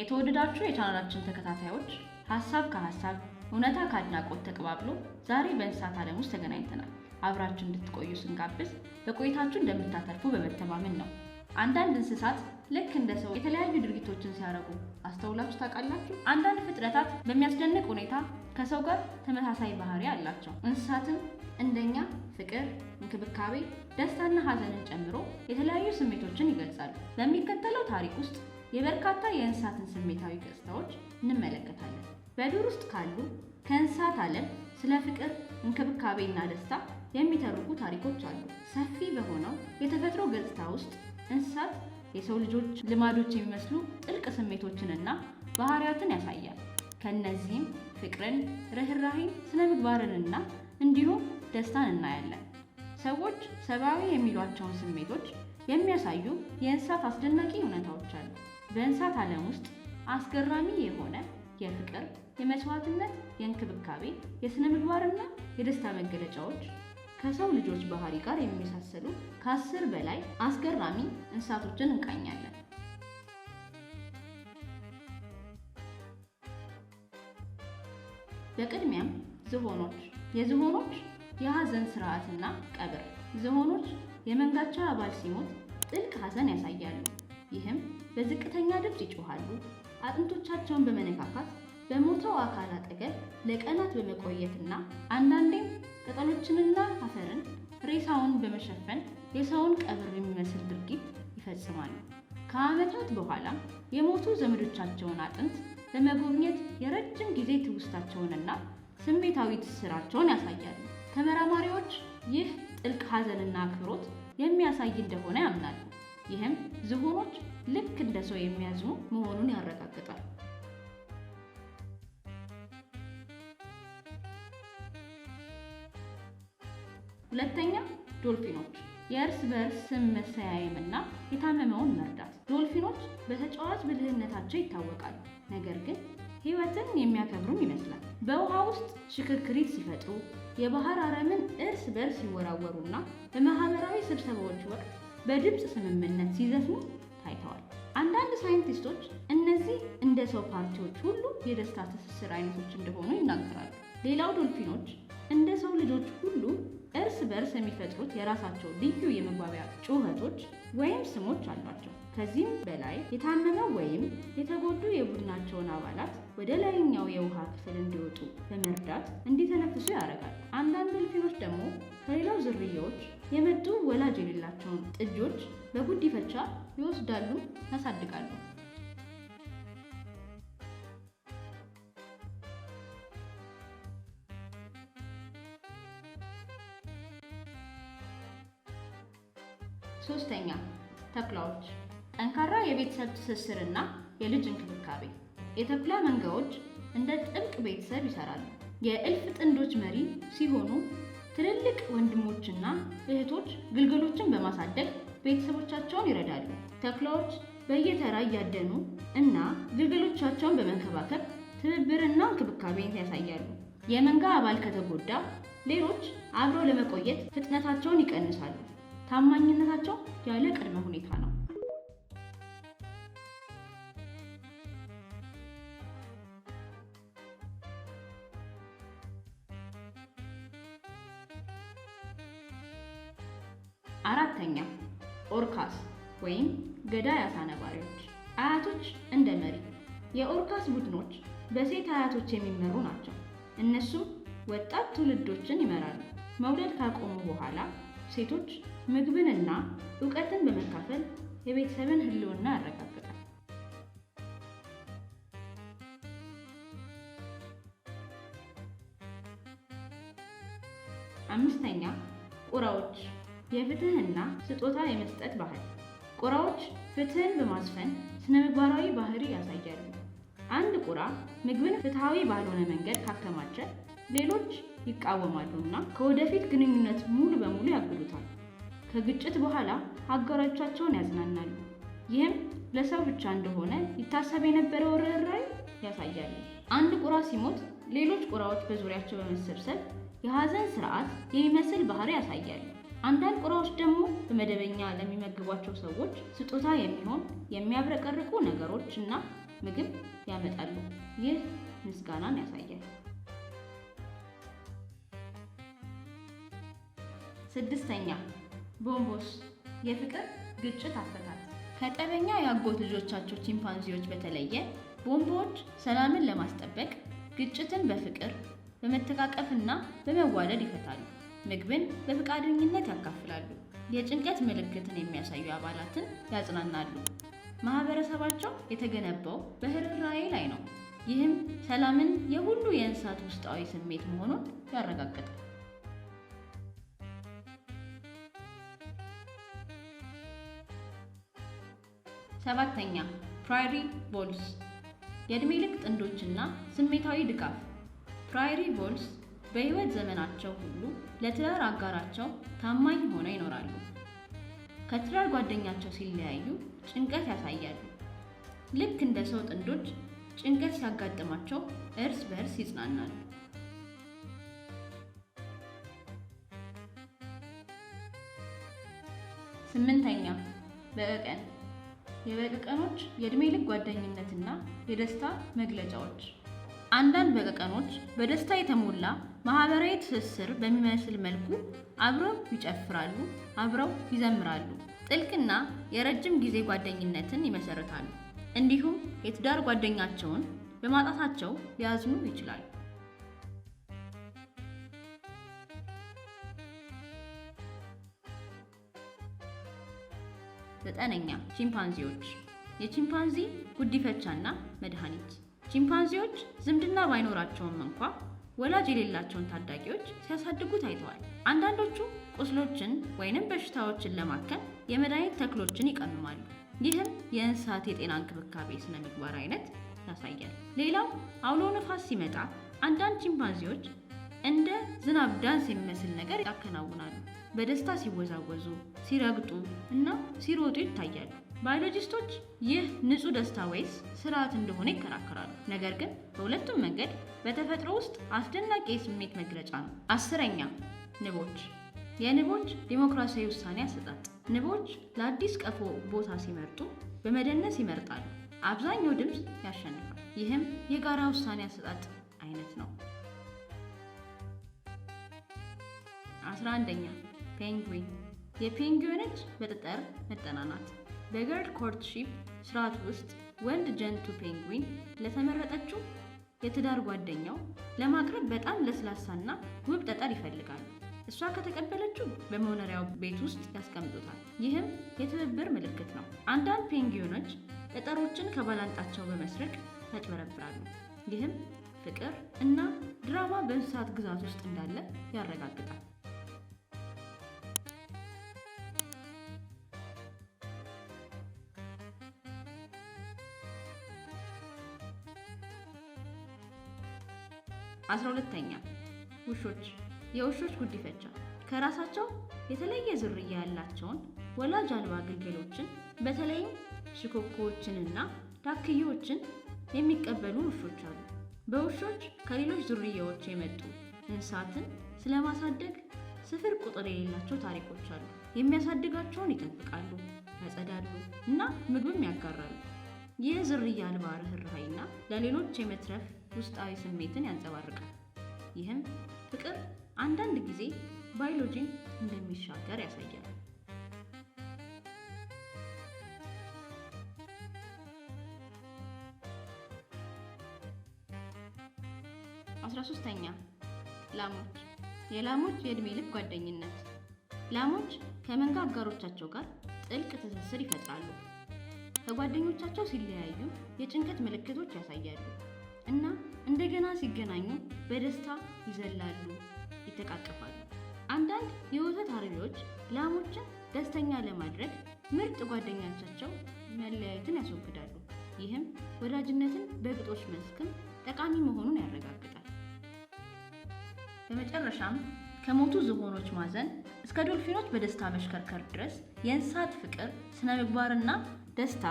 የተወደዳችሁ የቻናላችን ተከታታዮች ሀሳብ ከሀሳብ እውነታ ከአድናቆት ተቀባብሎ ዛሬ በእንስሳት ዓለም ውስጥ ተገናኝተናል። አብራችን እንድትቆዩ ስንጋብዝ በቆይታችሁ እንደምታተርፉ በመተማመን ነው። አንዳንድ እንስሳት ልክ እንደ ሰው የተለያዩ ድርጊቶችን ሲያደርጉ አስተውላችሁ ታውቃላችሁ? አንዳንድ ፍጥረታት በሚያስደንቅ ሁኔታ ከሰው ጋር ተመሳሳይ ባህሪ አላቸው። እንስሳትም እንደኛ ፍቅር፣ እንክብካቤ፣ ደስታና ሀዘንን ጨምሮ የተለያዩ ስሜቶችን ይገልጻሉ። በሚከተለው ታሪክ ውስጥ የበርካታ የእንስሳትን ስሜታዊ ገጽታዎች እንመለከታለን። በዱር ውስጥ ካሉ ከእንስሳት ዓለም ስለ ፍቅር፣ እንክብካቤና ደስታ የሚተርኩ ታሪኮች አሉ። ሰፊ በሆነው የተፈጥሮ ገጽታ ውስጥ እንስሳት የሰው ልጆች ልማዶች የሚመስሉ ጥልቅ ስሜቶችንና ባህሪያትን ያሳያል። ከእነዚህም ፍቅርን፣ ርኅራሄን፣ ስነ ምግባርንና እንዲሁም ደስታን እናያለን። ሰዎች ሰብአዊ የሚሏቸውን ስሜቶች የሚያሳዩ የእንስሳት አስደናቂ እውነታዎች አሉ። በእንስሳት ዓለም ውስጥ አስገራሚ የሆነ የፍቅር፣ የመስዋዕትነት፣ የእንክብካቤ፣ የሥነ ምግባርና የደስታ መገለጫዎች ከሰው ልጆች ባህሪ ጋር የሚመሳሰሉ ከአስር በላይ አስገራሚ እንስሳቶችን እንቃኛለን። በቅድሚያም ዝሆኖች። የዝሆኖች የሐዘን ስርዓትና ቀብር። ዝሆኖች የመንጋቸው አባል ሲሞት ጥልቅ ሐዘን ያሳያሉ። ይህም በዝቅተኛ ድምፅ ይጮኻሉ። አጥንቶቻቸውን በመነካካት በሞተው አካል አጠገብ ለቀናት በመቆየትና አንዳንዴም ቅጠሎችንና አፈርን ሬሳውን በመሸፈን የሰውን ቀብር የሚመስል ድርጊት ይፈጽማሉ። ከዓመታት በኋላ የሞቱ ዘመዶቻቸውን አጥንት በመጎብኘት የረጅም ጊዜ ትውስታቸውንና ስሜታዊ ትስስራቸውን ያሳያሉ። ተመራማሪዎች ይህ ጥልቅ ሐዘንና አክብሮት የሚያሳይ እንደሆነ ያምናሉ። ይህም ዝሆኖች ልክ እንደ ሰው የሚያዝኑ መሆኑን ያረጋግጣል። ሁለተኛ ዶልፊኖች የእርስ በእርስ ስም መሰያየምና የታመመውን መርዳት። ዶልፊኖች በተጫዋች ብልህነታቸው ይታወቃሉ፣ ነገር ግን ህይወትን የሚያከብሩም ይመስላል። በውሃ ውስጥ ሽክርክሪት ሲፈጥሩ፣ የባህር አረምን እርስ በእርስ ይወራወሩና በማህበራዊ ስብሰባዎች ወቅት በድምፅ ስምምነት ሲዘፍኑ ታይተዋል። አንዳንድ ሳይንቲስቶች እነዚህ እንደ ሰው ፓርቲዎች ሁሉ የደስታ ትስስር አይነቶች እንደሆኑ ይናገራሉ። ሌላው ዶልፊኖች እንደ ሰው ልጆች ሁሉ እርስ በእርስ የሚፈጥሩት የራሳቸው ልዩ የመግባቢያ ጩኸቶች ወይም ስሞች አሏቸው። ከዚህም በላይ የታመመ ወይም የተጎዱ የቡድናቸውን አባላት ወደ ላይኛው የውሃ ክፍል እንዲወጡ በመርዳት እንዲተነፍሱ ያደርጋል። አንዳንድ ዶልፊኖች ደግሞ ዝርያዎች የመጡ ወላጅ የሌላቸውን ጥጆች በጉዲፈቻ ይወስዳሉ፣ ያሳድጋሉ። ሶስተኛ ተኩላዎች፣ ጠንካራ የቤተሰብ ትስስርና የልጅ እንክብካቤ። የተኩላ መንጋዎች እንደ ጥብቅ ቤተሰብ ይሰራሉ። የእልፍ ጥንዶች መሪ ሲሆኑ ትልልቅ ወንድሞችና እህቶች ግልገሎችን በማሳደግ ቤተሰቦቻቸውን ይረዳሉ። ተኩላዎች በየተራ እያደኑ እና ግልገሎቻቸውን በመንከባከብ ትብብርና እንክብካቤን ያሳያሉ። የመንጋ አባል ከተጎዳ ሌሎች አብረው ለመቆየት ፍጥነታቸውን ይቀንሳሉ። ታማኝነታቸው ያለ ቅድመ ሁኔታ ነው። አራተኛ ኦርካስ ወይም ገዳይ አሳ አያቶች እንደ መሪ የኦርካስ ቡድኖች በሴት አያቶች የሚመሩ ናቸው። እነሱም ወጣት ትውልዶችን ይመራሉ። መውለድ ካቆሙ በኋላ ሴቶች ምግብንና እውቀትን በመካፈል የቤተሰብን ህልውና ያረጋል የፍትህና ስጦታ የመስጠት ባህል ቁራዎች ፍትህን በማስፈን ስነምግባራዊ ባህሪ ያሳያሉ። አንድ ቁራ ምግብን ፍትሐዊ ባልሆነ መንገድ ካከማቸ ሌሎች ይቃወማሉ እና ከወደፊት ግንኙነት ሙሉ በሙሉ ያግዱታል። ከግጭት በኋላ አጋሮቻቸውን ያዝናናሉ። ይህም ለሰው ብቻ እንደሆነ ይታሰብ የነበረው ርኅራኄ ያሳያሉ። አንድ ቁራ ሲሞት ሌሎች ቁራዎች በዙሪያቸው በመሰብሰብ የሐዘን ስርዓት የሚመስል ባህሪ ያሳያሉ። አንዳንድ ቁራዎች ደግሞ በመደበኛ ለሚመግቧቸው ሰዎች ስጦታ የሚሆን የሚያብረቀርቁ ነገሮች እና ምግብ ያመጣሉ። ይህ ምስጋናን ያሳያል። ስድስተኛ ቦምቦስ የፍቅር ግጭት አፈታት። ከጠበኛ የአጎት ልጆቻቸው ቺምፓንዚዎች በተለየ ቦምቦዎች ሰላምን ለማስጠበቅ ግጭትን በፍቅር በመተቃቀፍና በመዋደድ ይፈታሉ። ምግብን በፈቃደኝነት ያካፍላሉ። የጭንቀት ምልክትን የሚያሳዩ አባላትን ያጽናናሉ። ማህበረሰባቸው የተገነባው በህርራዬ ላይ ነው። ይህም ሰላምን የሁሉ የእንስሳት ውስጣዊ ስሜት መሆኑን ያረጋግጣል። ሰባተኛ ፕራይሪ ቦልስ የእድሜ ልክ ጥንዶችና ስሜታዊ ድጋፍ ፕራይሪ ቦልስ በህይወት ዘመናቸው ሁሉ ለትዳር አጋራቸው ታማኝ ሆነው ይኖራሉ። ከትዳር ጓደኛቸው ሲለያዩ ጭንቀት ያሳያሉ። ልክ እንደ ሰው ጥንዶች ጭንቀት ሲያጋጥማቸው እርስ በእርስ ይጽናናሉ። ስምንተኛ በቀቀን የበቀቀኖች የእድሜ ልክ ጓደኝነትና የደስታ መግለጫዎች። አንዳንድ በቀቀኖች በደስታ የተሞላ ማህበራዊ ትስስር በሚመስል መልኩ አብረው ይጨፍራሉ፣ አብረው ይዘምራሉ፣ ጥልቅና የረጅም ጊዜ ጓደኝነትን ይመሰርታሉ። እንዲሁም የትዳር ጓደኛቸውን በማጣታቸው ሊያዝኑ ይችላሉ። ዘጠነኛ ቺምፓንዚዎች የቺምፓንዚ ጉዲፈቻና መድኃኒት ቺምፓንዚዎች ዝምድና ባይኖራቸውም እንኳ ወላጅ የሌላቸውን ታዳጊዎች ሲያሳድጉ ታይተዋል። አንዳንዶቹ ቁስሎችን ወይንም በሽታዎችን ለማከም የመድኃኒት ተክሎችን ይቀምማሉ። ይህም የእንስሳት የጤና እንክብካቤ ስነ ምግባር አይነት ያሳያል። ሌላው አውሎ ነፋስ ሲመጣ አንዳንድ ቺምፓንዚዎች እንደ ዝናብ ዳንስ የሚመስል ነገር ያከናውናሉ። በደስታ ሲወዛወዙ፣ ሲረግጡ እና ሲሮጡ ይታያሉ። ባዮሎጂስቶች ይህ ንጹህ ደስታ ወይስ ስርዓት እንደሆነ ይከራከራሉ። ነገር ግን በሁለቱም መንገድ በተፈጥሮ ውስጥ አስደናቂ የስሜት መግለጫ ነው። አስረኛ ንቦች፣ የንቦች ዲሞክራሲያዊ ውሳኔ አሰጣጥ። ንቦች ለአዲስ ቀፎ ቦታ ሲመርጡ በመደነስ ይመርጣሉ። አብዛኛው ድምፅ ያሸንፋል። ይህም የጋራ ውሳኔ አሰጣጥ አይነት ነው። አስራ አንደኛ ፔንግዊን የፔንግዊኖች በጠጠር መጠናናት በገርል ኮርትሺፕ ስርዓት ውስጥ ወንድ ጀንቱ ፔንግዊን ለተመረጠችው የትዳር ጓደኛው ለማቅረብ በጣም ለስላሳና ውብ ጠጠር ይፈልጋል። እሷ ከተቀበለችው በመኖሪያው ቤት ውስጥ ያስቀምጡታል። ይህም የትብብር ምልክት ነው። አንዳንድ ፔንግዊኖች ጠጠሮችን ከባላንጣቸው በመስረቅ ያጭበረብራሉ። ይህም ፍቅር እና ድራማ በእንስሳት ግዛት ውስጥ እንዳለ ያረጋግጣል። አስራ ሁለተኛ ውሾች የውሾች ጉዲፈቻ ከራሳቸው የተለየ ዝርያ ያላቸውን ወላጅ አልባ ግልገሎችን በተለይም ሽኮኮዎችንና ዳክዬዎችን የሚቀበሉ ውሾች አሉ። በውሾች ከሌሎች ዝርያዎች የመጡ እንስሳትን ስለማሳደግ ስፍር ቁጥር የሌላቸው ታሪኮች አሉ። የሚያሳድጋቸውን ይጠብቃሉ፣ ያጸዳሉ እና ምግብም ያጋራሉ። ይህ ዝርያ አልባ ርህራሄና ለሌሎች የመትረፍ ውስጣዊ ስሜትን ያንጸባርቃል። ይህም ፍቅር አንዳንድ ጊዜ ባዮሎጂን እንደሚሻገር ያሳያል። አስራ ሶስተኛ ላሞች የላሞች የዕድሜ ልክ ጓደኝነት ላሞች ከመንጋ አጋሮቻቸው ጋር ጥልቅ ትስስር ይፈጥራሉ። ከጓደኞቻቸው ሲለያዩ የጭንቀት ምልክቶች ያሳያሉ። እና እንደገና ሲገናኙ በደስታ ይዘላሉ፣ ይተቃቀፋሉ። አንዳንድ የወተት አርቢዎች ላሞችን ደስተኛ ለማድረግ ምርጥ ጓደኞቻቸው መለያየትን ያስወግዳሉ። ይህም ወዳጅነትን በግጦሽ መስክም ጠቃሚ መሆኑን ያረጋግጣል። በመጨረሻም ከሞቱ ዝሆኖች ማዘን እስከ ዶልፊኖች በደስታ መሽከርከር ድረስ የእንስሳት ፍቅር፣ ስነ ምግባርና ደስታ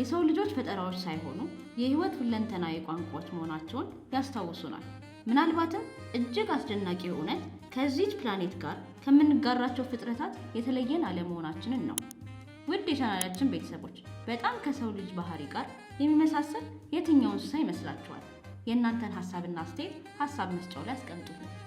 የሰው ልጆች ፈጠራዎች ሳይሆኑ የህይወት ሁለንተናዊ ቋንቋዎች መሆናቸውን ያስታውሱናል። ምናልባትም እጅግ አስደናቂ እውነት ከዚች ፕላኔት ጋር ከምንጋራቸው ፍጥረታት የተለየን አለመሆናችንን ነው። ውድ የቻናላችን ቤተሰቦች በጣም ከሰው ልጅ ባህሪ ጋር የሚመሳሰል የትኛው እንስሳ ይመስላችኋል? የእናንተን ሀሳብና አስተያየት ሀሳብ መስጫው ላይ አስቀምጡልን።